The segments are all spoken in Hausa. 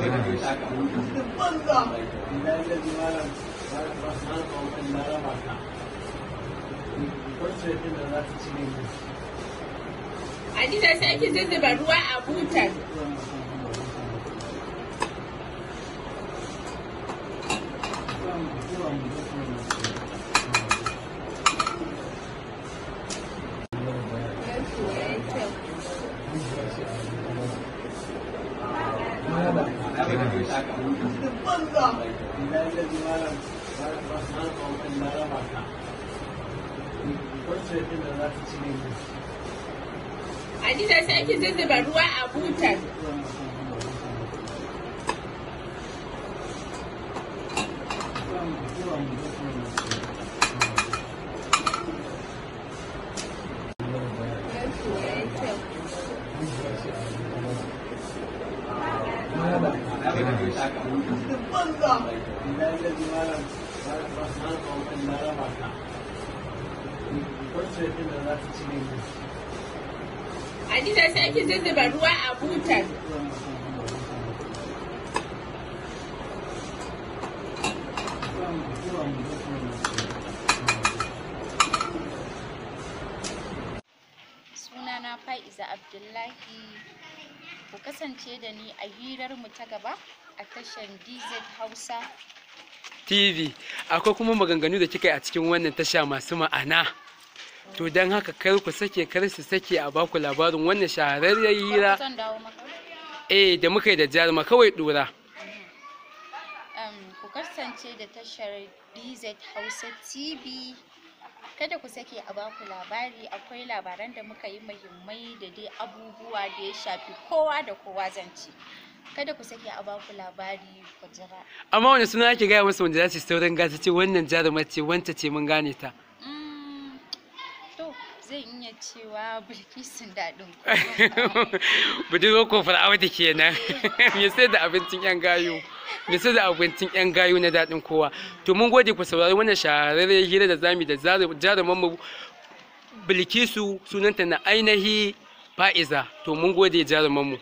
a gida sai ake zazzaba ruwa a butar Thank you. a ji da shi ruwa a butar Thank you. gida sai ki zazzaba ruwa a butar. na Fa'iza Abdullahi ku kasance da ni a hirar mu ta gaba a tashar DZ Hausa TV akwai kuma maganganu da kika yi a cikin wannan tasha masu ma'ana to don haka kar ku sake kar su sake a baku labarin wannan shahararren hira eh da muka yi da jaruma kawai dora ku kasance da tashar DZ Hausa TV kada ku sake a baku labari akwai labaran da muka yi muhimmai da dai abubuwa da ya shafi kowa da kowa zance kada ku sake a baku labari ku jira amma wani suna ake gaya musu wanda za su saurin gasa ce wannan jarumar ce wanta ce mun gane ta zan iya cewa bilkisun daɗin kofar kenan me sai da abincin yan gayu me sai da abincin yan gayu na daɗin kowa to mun gode ku saurari wannan shahararren hira da zamu da jaruman mu bilkisu sunanta na ainihi fa'iza to mun gode jaruman mu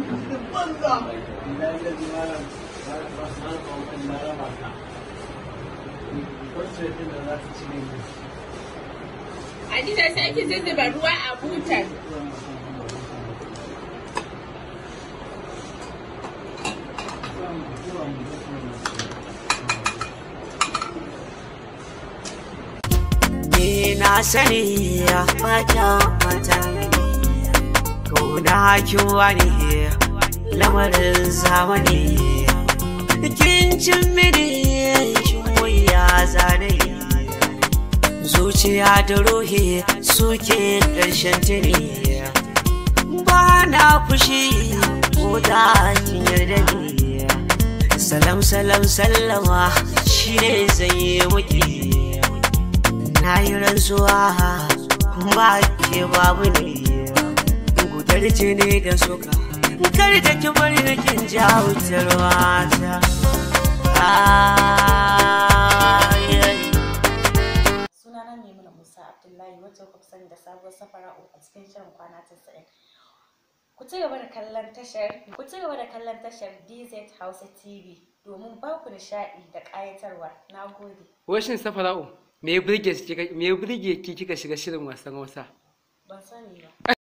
a ji sai ruwa a butar Ni na sani ya mata matan Kauna kin wani lamarin zamani Kin cin wuya zane Zuciya da ruhi suke ƙarshen tuni Ba na fushi ko da kin yarda ni Salam salam sallama shi ne zan yi muke na yi rantsuwa ba ke babu ne Garje ne da suka Kar da ki bari da kin ja wutar wata Sunana Maimuna Musa Abdullahi wacce kuka sani da sabuwar safara'u a cikin shirin kwana 90. Ku ci gaba da kallon tashar ku ci gaba da kallon tashar DZ Hausa TV domin ba ku nishaɗi da ƙayatarwa. Na gode. Washin safara'u me ya burge ki kika shiga shirin wasan Hausa? Ban sani ba.